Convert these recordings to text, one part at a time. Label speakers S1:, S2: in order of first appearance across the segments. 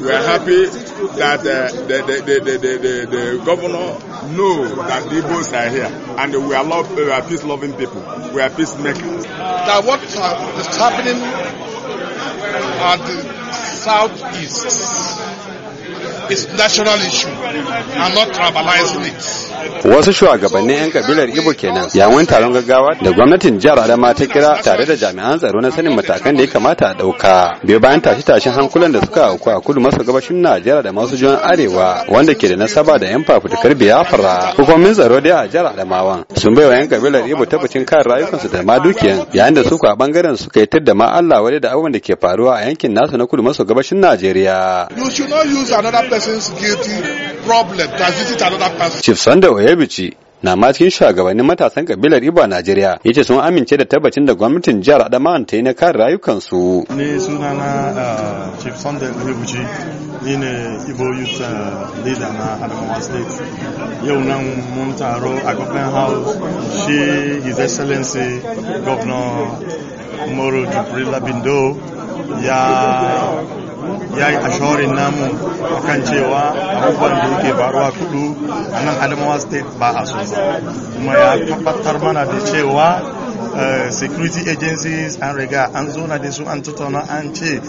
S1: we are happy that uh, the, the, the, the, the, the, governor know that the boys are here and we are, love, we are peace-loving people. We are peacemakers. That what is happening at the southeast is national issue
S2: and
S1: not tribalizing it.
S3: wasu shugabannin 'yan kabilar ibo kenan yawon taron gaggawa da gwamnatin jihar adama ta kira tare da jami'an tsaro na sanin matakan da ya kamata a dauka bai bayan tashe-tashen hankulan da suka auku a kudu maso gabashin najeriya da masu juyan arewa wanda ke da nasaba da 'yan fafutukar biafra hukumomin tsaro dai a jihar adamawan sun bai wa 'yan kabilar ibo tabbacin kan rayukansu da ma dukiyan yayin da su a bangaren suka yi tadda ma allah wadai da abubuwan da ke faruwa a yankin nasu na kudu maso gabashin najeriya chief sanda oyebici na ma cikin shugabannin matasan kabilar Iba Najeriya yace sun amince da tabbacin da gwamnatin jihar Adamawa ta yi na kare rayukansu.
S2: Ni na ah, Chief Sunday Oyebuchi ni ne Igbo Youth ah, Leader na Adamawa State. Yau nan mun taro a Government House shi His Excellency Governor Moro Jibril Labindo ya ya yi ashorin namu akan cewa abubuwan da yake faruwa kudu a nan adamawa state ba a so kuma ya tabbatar mana da cewa eh, security agencies an riga an zona da su an tattauna an ce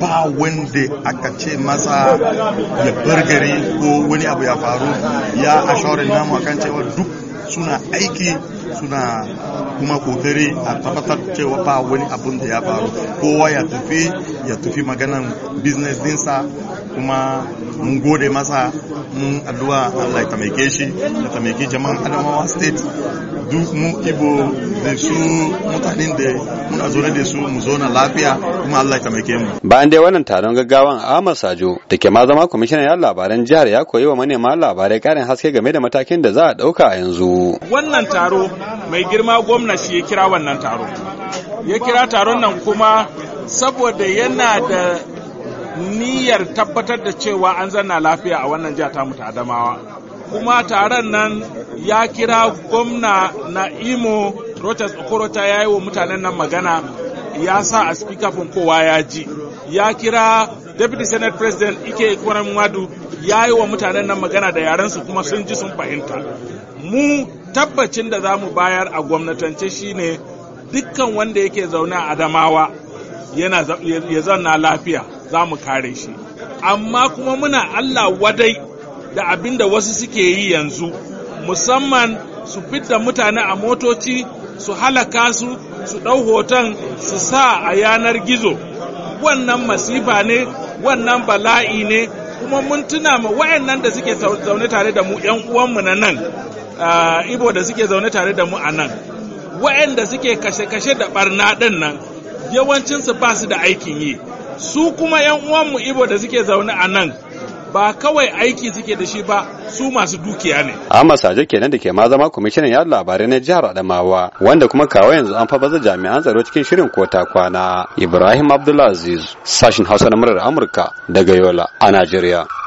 S2: ba wanda aka ce masa ya burgari gari ko wani abu ya faru ya ashorin namu akan cewa duk suna aiki suna kuma kokari a tabbatar cewa ba wani abun da ya faru kowa ya tafi ya tafi maganan business dinsa kuma mun gode masa mun addu'a Allah ya tamake shi ya tamake jama'an Adamawa state duk mu ibo da su mutanen da a zaune da su mu zauna lafiya kuma Allah ya taimake mu
S3: bayan dai wannan taron gaggawan Ahmad Sajo da ke ma zama kwamishinan yan labaran jihar ya koyi wa manema labarai karin haske game da matakin da za a dauka yanzu
S1: wannan taro mai girma gwamna shi ya kira wannan taro ya kira taron nan kuma saboda yana da niyyar tabbatar da cewa an zanna lafiya a wannan jiha tamu ta adamawa kuma taron nan ya kira gwamna na imo Rotas Okorota ya yi wa mutanen nan magana ya sa a speakerphone kowa ya ji ya kira Deputy Senate President Ike wadu ya yi wa mutanen nan magana da yaren su kuma sun ji sun fahimta. Mu tabbacin da za mu bayar a gwamnatance shine dukkan wanda yake zaune a Adamawa yana ya zanna lafiya za mu kare shi. Amma kuma muna Allah wadai da abin da wasu suke yi yanzu musamman su fidda mutane a motoci su halaka su su ɗau hoton su sa a yanar gizo wannan masifa ne wannan bala'i ne kuma mun tuna ma wayannan da suke zaune tare da mu yan uwanmu na nan ibo da suke zaune tare da mu a nan wayanda suke kashe-kashe da barna ɗin nan yawancinsu ba su da aikin yi su kuma yan uwanmu ibo da suke zaune a nan ba kawai aiki suke da shi ba su masu dukiya ne
S3: Ahmad saje kenan da ke ma zama kwamishinan yada labarai na jihar Adamawa wanda kuma kawo yanzu an fa baza jami'an tsaro cikin shirin kota kwana Ibrahim Abdulaziz sashin Hausa na murar Amurka daga Yola a Najeriya